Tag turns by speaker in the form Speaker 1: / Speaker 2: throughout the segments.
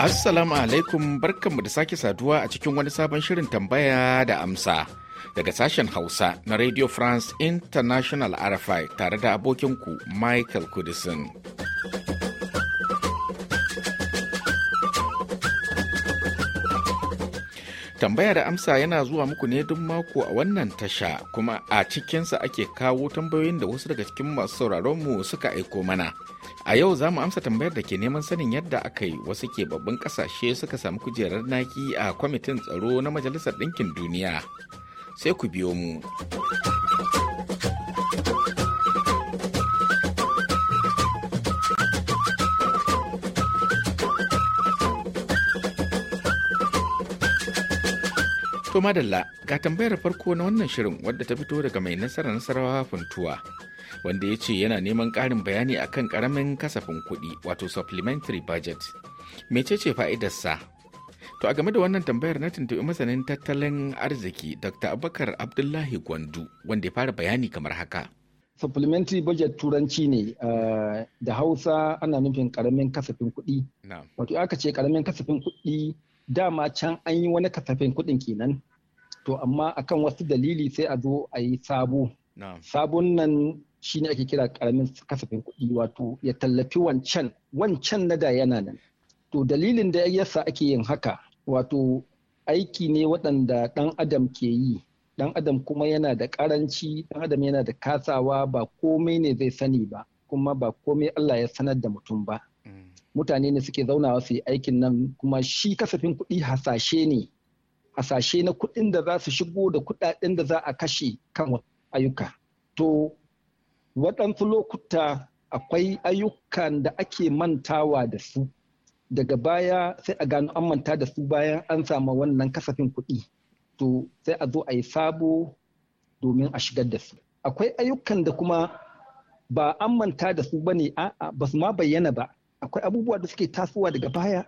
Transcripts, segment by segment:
Speaker 1: Assalamu alaikum barkanmu da sake saduwa a cikin wani sabon shirin tambaya da amsa daga sashen Hausa na Radio France International RFI tare da abokinku Michael Kudisin. Tambaya da amsa yana zuwa muku ne duk mako a wannan tasha kuma a cikinsa ake kawo tambayoyin da wasu daga cikin masu sauraron mu suka aiko mana. A yau za mu amsa tambayar da ke neman sanin yadda aka yi wasu ke babban ƙasashe suka samu kujerar naki a kwamitin tsaro na Majalisar Ɗinkin Duniya. Sai ku biyo mu. To madalla ga tambayar farko na wannan shirin wadda ta fito daga mai nasara nasarawa funtuwa wanda ya ce yana neman ƙarin bayani akan ƙaramin kasafin kuɗi wato supplementary budget. Mecece fa'idarsa? To a game da wannan tambayar na tuntuɓi masanin tattalin arziki Dr. Abubakar Abdullahi Gwandu wanda ya fara bayani kamar haka.
Speaker 2: supplementary budget turanci ne eh, da hausa ana nufin karamin kasafin kuɗi wato no. aka ce karamin kasafin kuɗi dama can an yi wani kasafin kuɗin kenan to amma akan wasu dalili sai a zo a yi sabo sabon nan shi ne ake kira karamin kasafin kuɗi wato ya tallafi wancan wancan na da yana nan to dalilin da yasa ake yin haka wato aiki ne waɗanda ɗan adam ke yi ɗan adam kuma yana da ƙaranci ɗan adam yana da kasawa ba komai ne zai sani ba kuma ba komai Allah ya sanar da mutum ba mm. mutane ne suke zaunawa su yi aikin nan kuma shi kasafin kuɗi hasashe ne hasashe na kuɗin da za su shigo da kuɗaɗen da za a kashe kan ayyuka. To, waɗansu lokuta akwai ayyukan da ake mantawa da su, daga baya sai a gano an manta da su bayan an samu wannan kasafin kuɗi. To, sai a zo a yi sabo domin a shigar da su. Akwai ayyukan da kuma ba an manta da su ba ne, a'a ba su ma bayyana ba. Akwai abubuwa da suke tasowa daga baya,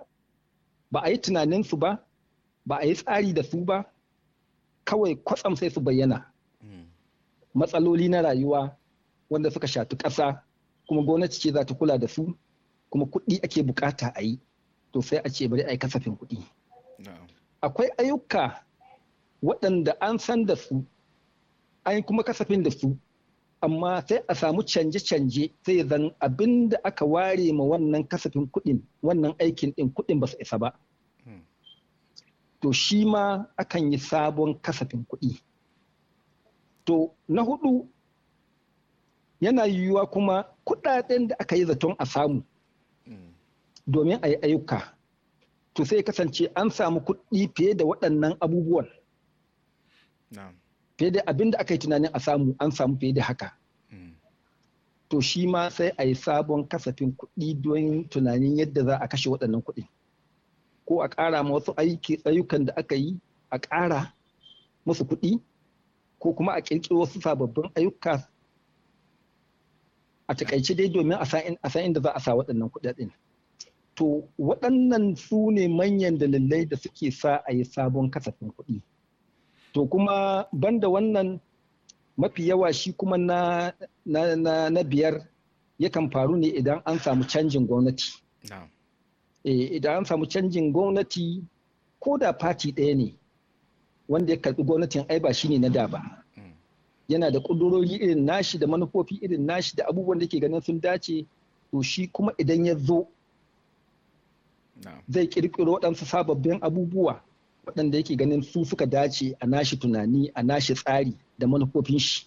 Speaker 2: ba a yi tunaninsu ba, ba a yi tsari da su ba kawai kwatsam sai su bayyana hmm. matsaloli na rayuwa wanda suka shafi ƙasa kuma gwamnati ce za ta kula da su kuma kuɗi ake bukata a yi to sai a ce bari a yi kasafin kuɗi akwai ayyuka waɗanda an san da su an yi kuma kasafin da su amma sai a samu canje-canje sai zan abin da aka ware ma wannan kasafin kuɗin wannan aikin ɗin kuɗin ba su isa ba to shi ma akan yi sabon kasafin kuɗi to na hudu yana yiwuwa kuma kuɗaɗen da aka yi zaton a samu domin a yi ayyuka to sai kasance an samu kuɗi fiye da waɗannan abubuwan fiye da abin da aka yi tunanin a samu an samu fiye da haka mm. to shi ma sai a yi sabon kasafin kuɗi don tunanin yadda za a kashe waɗannan kuɗi. ko a ƙara ma wasu ayyukan da aka yi a ƙara musu kuɗi ko kuma a ƙirƙiro wasu sababbin ayyuka a takaice dai domin a san inda za a sa waɗannan kuɗaɗen. To waɗannan su ne manyan dalilai da suke sa a yi sabon kasafin kuɗi. To kuma banda wannan mafi yawa shi kuma na, biyar yakan faru ne idan an samu canjin gwamnati. Eh, idan an samu canjin gwamnati ko da fati ɗaya ne wanda ya karɓi gwamnatin ai ba shi ne na da ba yana da ƙudurori irin nashi da manufofi irin nashi da abubuwan da ke ganin sun dace to shi kuma idan ya zo zai ƙirƙiro waɗansu sababbin abubuwa waɗanda yake ganin su suka dace a nashi tunani a nashi tsari da manufofin shi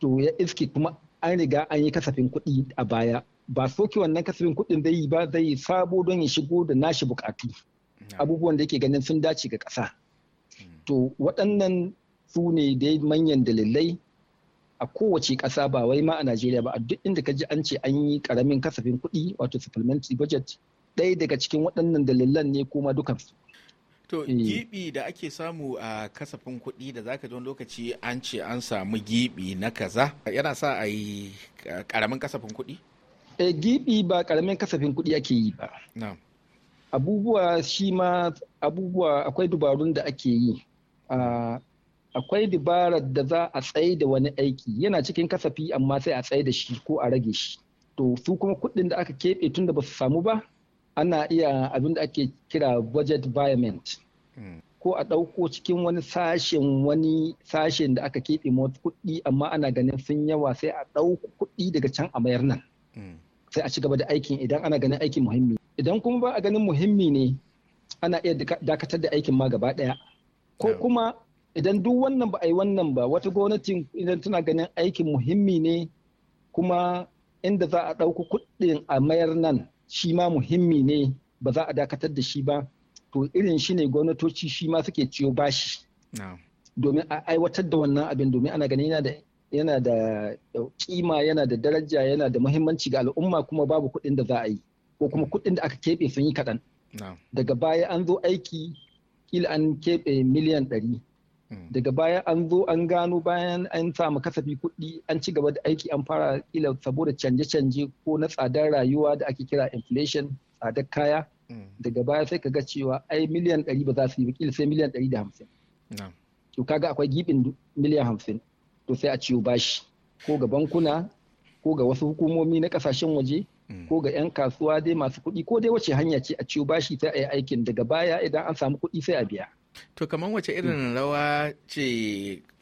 Speaker 2: to ya iske kuma an riga an yi kasafin kuɗi a baya ba soke wannan kasafin kuɗin zai yi ba zai yi sabo don ya shigo da nashi bukatu abubuwan da yake ganin sun dace ga ƙasa hmm. to waɗannan su ne dai manyan dalilai a kowace ƙasa ba wai ma a najeriya ba a duk inda ka ji an ce an yi ƙaramin kasafin kuɗi wato supplementary budget ɗaya daga cikin waɗannan dalilan ne kuma dukansu
Speaker 1: To eh. gibi da ake samu a kasafin kuɗi da zaka wani lokaci an ce an samu gibi na kaza yana sa a yi ƙaramin kasafin kuɗi? Eh,
Speaker 2: gibi ba karamin kasafin kuɗi ake yi ba abubuwa shi ma abubuwa akwai dubarun da ake yi ah, akwai dabarar da za a tsaye da wani aiki yana cikin kasafi amma sai a tsaye da shi ko a rage shi to su kuma kuɗin da aka keɓe tun da ba su samu ba ana iya abin da ake kira budget viament hmm. ko a ɗauko cikin wani sashen wani sashen da aka keɓe masu kuɗi amma ana ganin sun yawa sai a ɗauko kuɗi daga can a mayar nan hmm. sai a ci gaba da aikin idan ana ganin aikin muhimmi idan kuma ba a ganin muhimmi ne ana iya dakatar da aikin ma gaba daya ko kuma idan duk wannan ba a yi wannan ba wata gwamnati idan tana ganin aikin muhimmi ne kuma inda za a ɗauko kuɗin a mayar nan shi ma muhimmi ne ba za a dakatar da shi ba to irin shi ne gwamnatoci shi ma suke ciyo bashi domin a aiwatar da wannan abin domin ana ganin yana da yana da kima yana da daraja yana da muhimmanci ga al'umma kuma babu kuɗin da za a yi ko kuma mm. kuɗin da aka keɓe sun yi kaɗan daga baya an zo aiki kila an keɓe miliyan ɗari mm. daga baya an zo an gano bayan an samu kasafi kuɗi an ci gaba da aiki an fara kila saboda canje-canje ko na tsadar rayuwa da ake kira inflation tsadar kaya mm. daga baya sai ka ga cewa ai miliyan ɗari ba za su yi ba kila sai miliyan ɗari da hamsin to kaga akwai gibin miliyan hamsin to sai a ciwo bashi ko ga bankuna ko ga wasu hukumomi na kasashen waje mm. ko ga 'yan kasuwa dai masu kuɗi ko dai wace hanya ce a ciwo bashi sai a yi aikin daga baya idan an samu kuɗi sai a biya. To kamar wace irin
Speaker 1: mm. rawa ce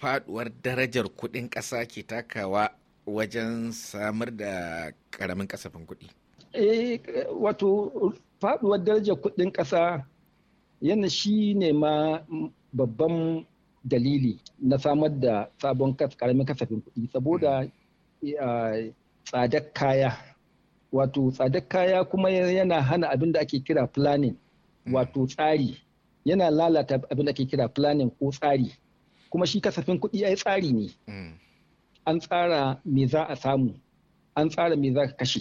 Speaker 1: faduwar darajar kuɗin ƙasa ke takawa wajen samar da ƙaramin kasafin kuɗi?
Speaker 2: Eh wato faduwar darajar kuɗin ƙasa yana shi ne ma babban dalili na samar da sabon karamin kasafin kuɗi saboda hmm. tsadar kaya wato tsadar kaya kuma yana hana abin da ake kira planning hmm. wato tsari yana lalata abin da ake kira planning ko tsari kuma shi kasafin kuɗi ai tsari ne hmm. an tsara me za a samu an tsara me za ka kashe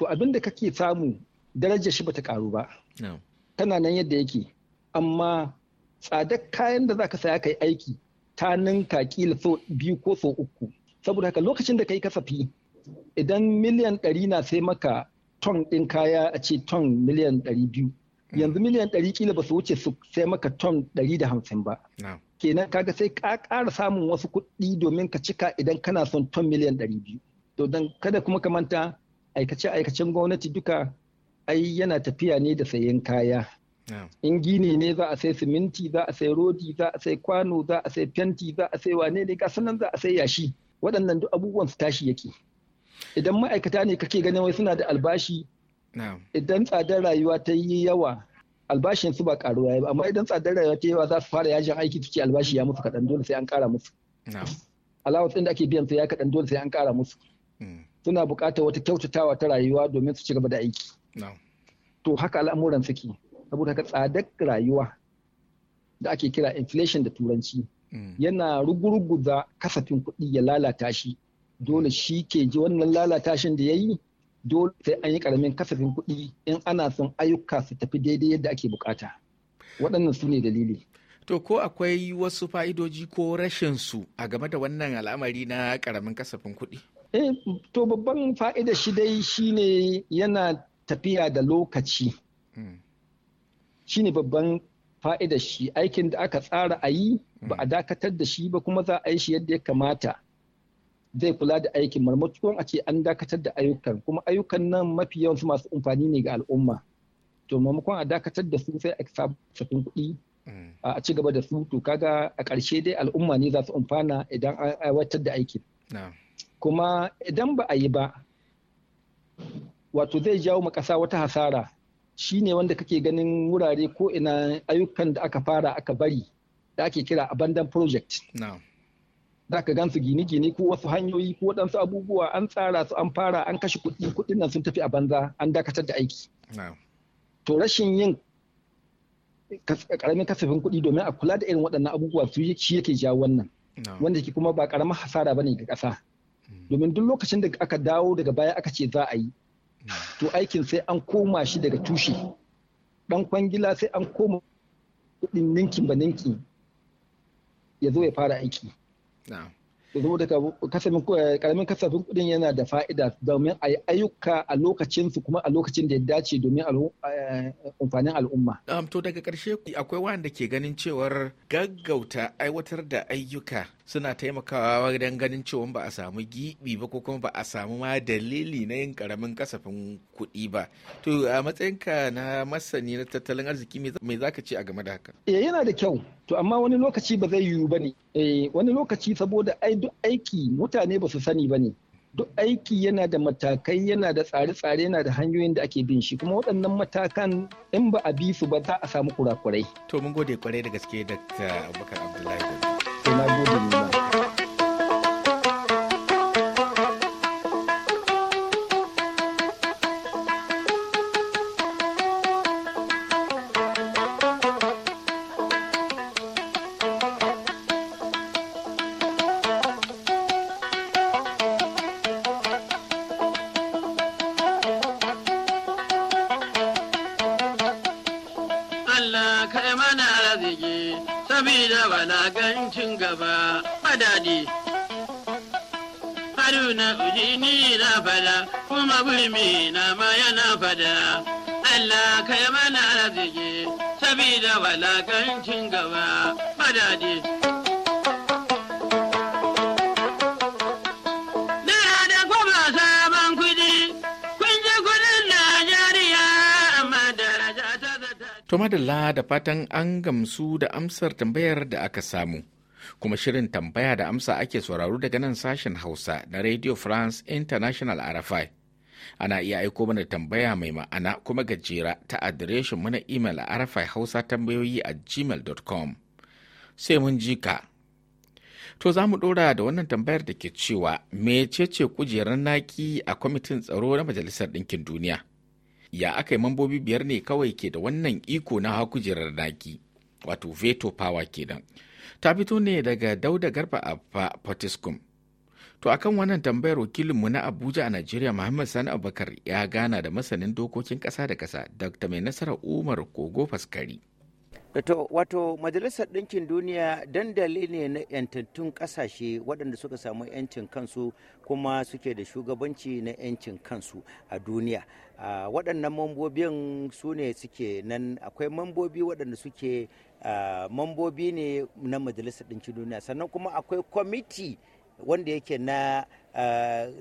Speaker 2: to abin da kake samu darajar shi ba ta karu ba kana nan yadda yake amma tsadar kayan da za ka saya kai aiki ta ninka kila so biyu ko so uku saboda haka lokacin da kai kasafi idan miliyan ɗari na sai maka ton ɗin kaya a ce ton miliyan ɗari biyu hmm. yanzu miliyan ɗari kila ba su wuce su sai maka ton ɗari da hamsin ba kenan kaga sai ka ƙara samun wasu kuɗi domin ka cika idan kana son ton miliyan ɗari biyu to dan kada kuma ka manta aikace aikacen gwamnati duka ai yana tafiya ne da sayen kaya in gini ne za a sai siminti za a sai rodi za a sai kwano za a sai fenti za a sai wane ne gasu nan za a sai yashi waɗannan duk abubuwan su tashi yake idan ma'aikata ne kake ganin wai suna da albashi idan tsadar rayuwa ta yi yawa albashin su ba karuwa ba amma idan tsadar rayuwa ta yi yawa za su fara yajin aiki suke albashi ya musu kaɗan dole sai an ƙara musu allowance inda ake biyan su ya kaɗan dole sai an ƙara musu mm. suna buƙatar wata kyautatawa ta rayuwa domin su ci gaba da aiki to haka al'amuran suke saboda ka tsadar rayuwa da ake kira inflation da turanci mm. yana rugurguza kasafin kuɗi ya lalata shi dole shi ke ji wannan lalata da ya yi dole sai an yi karamin kasafin kuɗi in ana son ayyuka su tafi daidai yadda ake bukata waɗannan su ne dalili
Speaker 1: to ko akwai wasu fa'idoji ko rashin su a game da wannan al'amari na karamin kasafin kuɗi
Speaker 2: eh to babban fa'ida shi dai shine yana tafiya da lokaci mm. Shi ne babban fa'idar shi aikin da aka tsara a yi ba a hmm. dakatar da shi ba kuma za a yi shi yadda ya kamata zai kula da aikin marmatuwan a ce an dakatar da ayyukan kuma ayyukan nan mafi yawansu masu amfani ne ga al'umma to maimakon a dakatar da su sai a samu kuɗi hmm. a ci gaba da su to kaga a ƙarshe dai al'umma ne za su amfana idan an aiwatar da aikin kuma idan ba a yi ba wato zai jawo ma ƙasa wata hasara Shi ne wanda kake ganin wurare ko ina ayyukan da aka fara aka bari da ake kira abandon project za ka gansu gine-gine ko wasu hanyoyi ko waɗansu abubuwa an tsara su an fara an kashe kuɗi kuɗin nan sun tafi a banza an dakatar da aiki to rashin yin karamin kasafin kuɗi domin a kula da irin waɗannan abubuwa su shi yake jawo wannan wanda ke kuma ba ƙaramin hasara ba ne ga ƙasa mm. domin duk lokacin da aka dawo daga baya aka ce za a yi to aikin sai an koma shi daga tushe dan kwangila sai an koma kudin ninkin ba ninki ya zo ya fara aiki Ƙaramin kasafin karamin kasafin kudin yana da fa'ida domin a yi ayyuka a lokacinsu kuma a lokacin da ya dace domin eh, amfanin al'umma.
Speaker 1: to daga ƙarshe akwai wanda ke ganin cewar gaggauta aiwatar da ayyuka suna taimakawa wajen ganin cewa ba a samu gibi ba ko kuma ba a samu ma dalili na yin karamin kasafin kuɗi ba to a matsayinka na masani na tattalin arziki me zaka ce a game da
Speaker 2: haka Eh yana da kyau to amma wani lokaci ba zai yiwu bane eh wani lokaci saboda ai duk aiki mutane ba su sani bane duk aiki yana da matakai yana da tsare-tsare yana da hanyoyin da ake bin shi kuma waɗannan matakan in ba a bi su ba za a samu kurakurai to mun gode kwarai da gaske
Speaker 1: dr abubakar abdullahi на будущее.
Speaker 3: mulmi na ma yana fada Allah ka yi mana arziki sabida walakancin gaba madadi.
Speaker 1: To madalla da fatan an gamsu da amsar tambayar da aka samu. Kuma shirin tambaya da amsa ake sauraro daga nan sashen Hausa na Radio France International RFI. ana iya aiko mana tambaya mai ma'ana kuma gajera ta adireshin mu na imel a arafai hausa tambayoyi a gmail.com sai mun ji ka to za mu ɗora da wannan tambayar da ke cewa mecece kujerar naki a kwamitin tsaro na majalisar ɗinkin duniya ya aka yi mambobi biyar ne kawai ke da wannan iko na hawa kujerar naki wato veto power kenan ta fito ne daga dauda garba a fatiskum To akan wannan tambayar wakilinmu na Abuja a Najeriya Muhammad Sani Abubakar ya gana da masanin dokokin kasa da ƙasa Dr. Mai Nasarar Umar Kogo Faskari. E
Speaker 4: to wato Majalisar Ɗinkin Duniya dandali ne na yantattun ƙasashe waɗanda suka samu 'yancin kansu kuma suke da shugabanci na 'yancin kansu a duniya. waɗannan mambobin su ne suke nan akwai mambobi waɗanda suke mambobi ne na Majalisar Ɗinkin Duniya sannan kuma akwai kwamiti. wanda yake eh,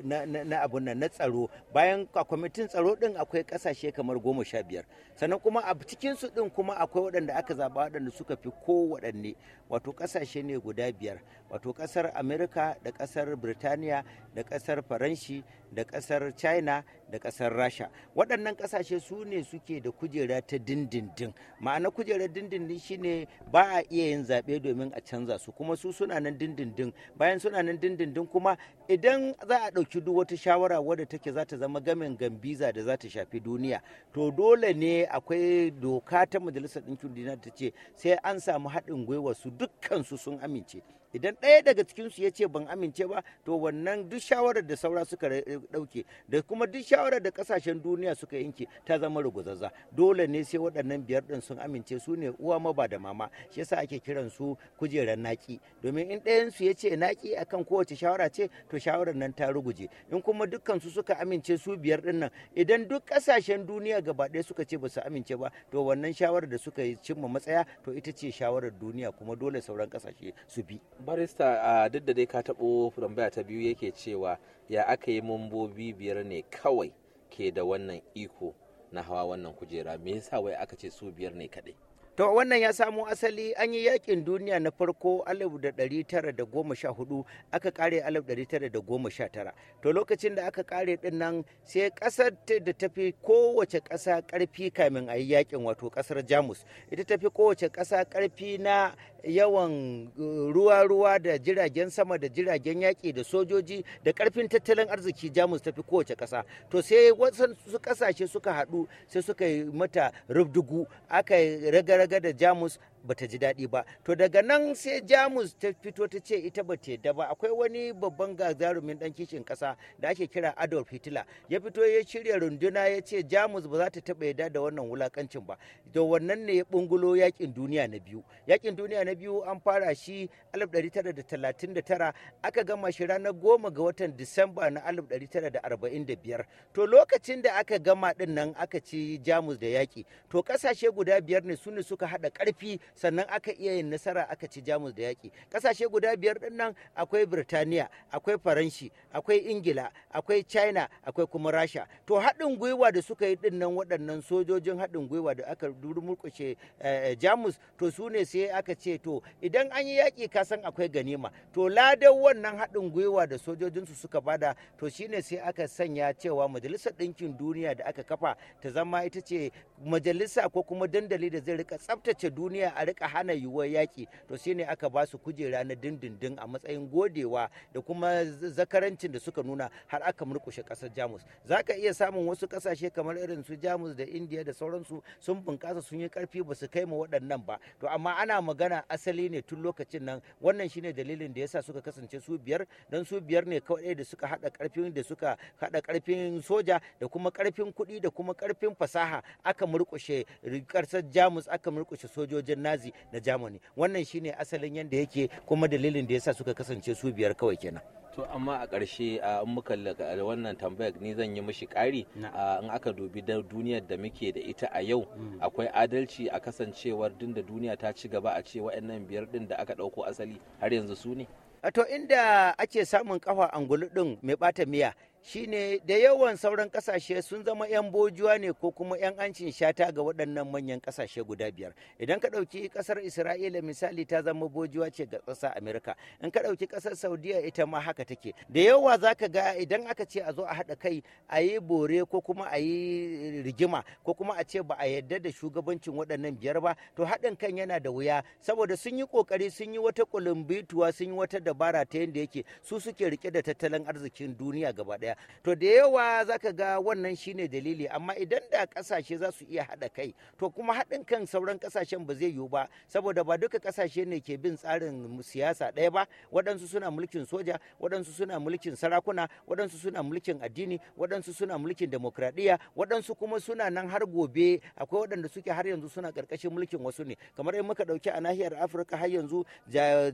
Speaker 4: na na abun nan na tsaro bayan a kwamitin tsaro din akwai kasashe kamar goma sha biyar sannan kuma a su din kuma akwai waɗanda aka zaba waɗanda suka fi ko kowaɗanne wato kasashe ne guda biyar wato kasar amerika da kasar birtaniya da kasar faranshi da ƙasar china da ƙasar rasha waɗannan ƙasashe su ne suke da kujera ta dindindin ma'ana kujerar dindindin shine ba a iya yin zaɓe domin a canza su kuma su suna nan dindindin bayan suna nan dindindin kuma idan za a ɗauki duk wata shawara wadda take za ta zama gamin gambiza da za ta shafi duniya to dole ne akwai doka ta majalisar ɗinkin duniya ta ce sai an samu haɗin gwiwa su dukkan su sun amince idan ɗaya daga cikinsu ya ce ban amince ba to wannan duk shawarar da saura suka eh, ɗauke da kuma duk shawarar da kasashen duniya suka yanke ta zama ruguzaza dole ne sai waɗannan biyar ɗin sun amince su ne uwa ba da mama shi yasa ake kiran su kujerar naƙi domin in ɗayansu ya ce naki akan kowace shawara ce to shawarar nan ta ruguje in kuma dukkan su suka amince su biyar ɗin nan idan duk ƙasashen duniya gaba ɗaya suka ce ba su amince ba to wannan shawarar da suka yi cimma matsaya to ita ce shawarar duniya kuma dole sauran ƙasashe su bi
Speaker 1: barista a duk da dai ka taɓo tambaya ta biyu yake cewa ya aka yi mambobi biyar ne kawai ke da wannan iko na hawa wannan kujera me yasa wai aka ce su biyar ne kaɗai To wannan ya
Speaker 4: samo asali an yi yakin duniya na farko 1914 aka kare 1919. To lokacin da aka kare din nan sai kasar da ta fi kowace kasa karfi kamin a yi yakin wato kasar Jamus. Ita ta fi kowace kasa karfi na yawan uh, ruwa-ruwa da jiragen sama da jiragen yaƙi da sojoji da ƙarfin tattalin arziki jamus tafi kowace ƙasa to sai wasu ƙasashe suka haɗu sai suka yi mata rubdugu aka yi raga-raga da jamus bata ji daɗi ba to daga nan sai jamus ta fito ta ce ita ba ta yadda ba akwai wani babban gagarumin ɗan kishin ƙasa da ake kira adolf hitler ya fito ya shirya runduna ya ce jamus ba za ta taɓa yadda da wannan wulaƙancin ba da wannan ne ya bungulo yaƙin duniya na biyu Yaƙin duniya na biyu an fara shi 1939 aka gama shi ranar goma ga watan disamba na 1945 to lokacin da aka gama ɗin nan aka ci jamus da yaƙi to ƙasashe guda biyar ne su ne suka haɗa ƙarfi sannan aka iya yin nasara aka ci jamus da yaƙi ƙasashe guda biyar ɗin nan akwai birtaniya akwai faranshi akwai ingila akwai china akwai kuma rasha to haɗin gwiwa da suka yi ɗin nan waɗannan sojojin haɗin gwiwa da aka murƙushe eh, eh, jamus to su ne sai aka ce to idan an yi yaƙi ka san akwai ganima to ladan wannan haɗin gwiwa da sojojinsu suka bada to shine sai aka sanya cewa majalisar ɗinkin duniya da aka kafa ta zama ita ce majalisa ko kuma dandali da zai rika tsabtace duniya a rika hana yiwuwar yaƙi to shine aka ba su kujera na dindindin a matsayin godewa da kuma zakarancin da suka nuna har aka murkushe ƙasar jamus za ka iya samun wasu ƙasashe kamar irin su jamus da indiya da sauransu sun bunƙasa sun yi ƙarfi ba su kai ma waɗannan ba to amma ana magana asali ne tun lokacin nan wannan shine dalilin da yasa suka kasance su biyar don su biyar ne kawai da suka haɗa ƙarfin da suka haɗa ƙarfin soja da kuma ƙarfin kuɗi da kuma ƙarfin fasaha aka murkushe ƙasar jamus aka murkushe sojojin na nazi na germany wannan shine asalin yadda yake kuma dalilin da yasa suka kasance su biyar kawai kenan
Speaker 1: to amma a ƙarshe in muka wannan tambayar ni zan yi mishi ƙari in aka dubi da duniyar da muke da ita a yau hmm. akwai adalci a kasancewar din da duniya ta ci gaba a ce wa'annan biyar din da aka ɗauko asali har yanzu su ne
Speaker 4: to inda ake samun kafa angulu ɗin mai bata miya shine da yawan sauran kasashe sun zama 'yan bojuwa ne ko kuma 'yan ancin shata ga waɗannan manyan kasashe guda biyar idan ka ɗauki ƙasar isra'ila misali ta zama bojuwa ce ga ƙasa amerika in ka ɗauki ƙasar saudiya ita ma haka take da yawa za ka ga idan aka ce a zo a haɗa kai a yi bore ko kuma a yi rigima ko kuma a ce ba a yarda da shugabancin waɗannan biyar ba to haɗin kan yana da wuya saboda sun yi ƙoƙari sun yi wata kulumbituwa sun yi wata dabara ta yadda yake su suke rike da tattalin arzikin duniya gaba ɗaya to da yawa zaka ga wannan shine dalili amma idan da kasashe za su iya haɗa kai to kuma haɗin kan sauran kasashen ba zai yiwu ba saboda ba duka kasashe ne ke bin tsarin siyasa ɗaya ba waɗansu suna mulkin soja waɗansu suna mulkin sarakuna waɗansu suna mulkin addini waɗansu suna mulkin demokradiyya waɗansu kuma suna nan har gobe akwai waɗanda suke har yanzu suna ƙarƙashin mulkin wasu ne kamar in muka ɗauki a nahiyar afirka har yanzu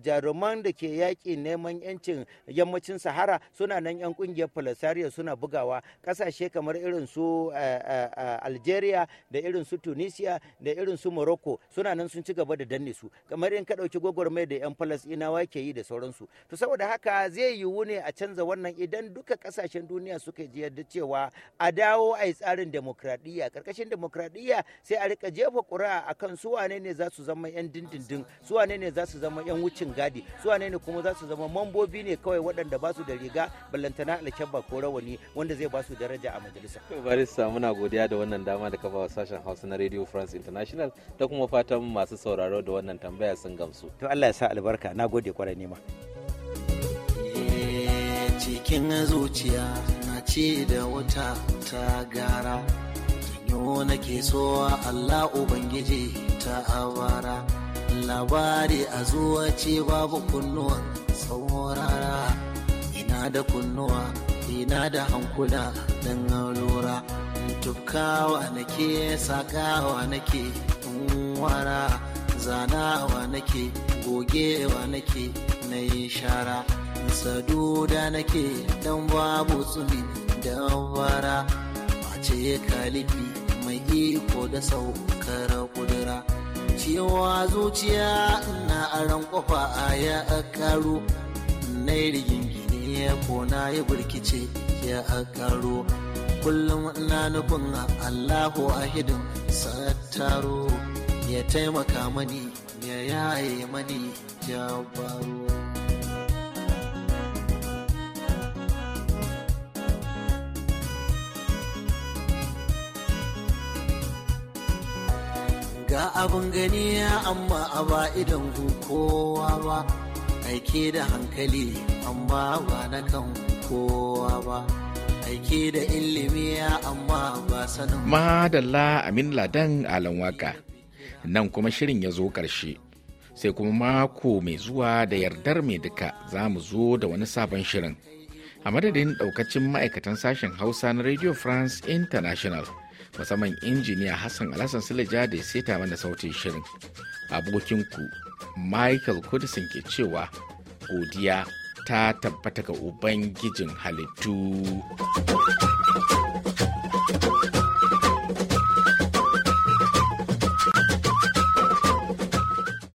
Speaker 4: jaruman da ke yaƙi neman 'yancin yammacin sahara suna nan 'yan ƙungiyar falasai Mauritania suna bugawa kasashe kamar irin su eh, eh, eh, Algeria da irin su Tunisia da irin su Morocco suna nan sun ci gaba da danne su kamar in ka dauki gwagwarmai da yan inawa ke yi da sauransu to saboda haka zai yiwu ne a canza wannan idan duka kasashen duniya suka ji yadda cewa a dawo a yi tsarin demokradiyya karkashin demokradiyya sai a rika jefa ƙuri'a kan su wane ne za su zama yan dindindin su wane ne za su zama yan wucin gadi su wane ne kuma za su zama mambobi ne kawai waɗanda ba su da riga ballantana alkyabba ko rawani wanda zai ba su daraja a majalisa.
Speaker 1: barista muna godiya da wannan dama da kafa sashen hausa na radio france international da kuma fatan masu sauraro da wannan tambaya sun gamsu.
Speaker 4: to allah ya sa albarka na gode kwarai nema.
Speaker 3: cikin zuciya na ce da wata ta gara yau nake so allah ubangiji ta awara labari a zuwa ce babu kunnuwa saurara ina da kunnuwa ina da hankula don lura wa nake sakawa nake wara zanawa nake gogewa nake na yi shara saduda nake don babu tsumi da wara mace kalifi mai iko da saukar kudura cewa zuciya na aron kofa a ya karu na rigin ya kona ya birkice ya akaro kullum na nufin allahu ahidin sattaro ya taimaka mani ya yaye mani ya baro ga abin gani amma a ba idan kowa ba aike da hankali amma ba na kan kowa ba aike da ilimi amma ba sanin
Speaker 1: madalla amin ladan alan waka nan kuma shirin ya zo ƙarshe sai kuma mako mai zuwa da yardar mai duka za mu zo da wani sabon shirin a madadin daukacin ma'aikatan sashen hausa na radio france international musamman injiniya hassan alhassan silija da ya seta mana sautin shirin abokinku michael kudisin ke cewa godiya ta tabbata ga ubangijin halittu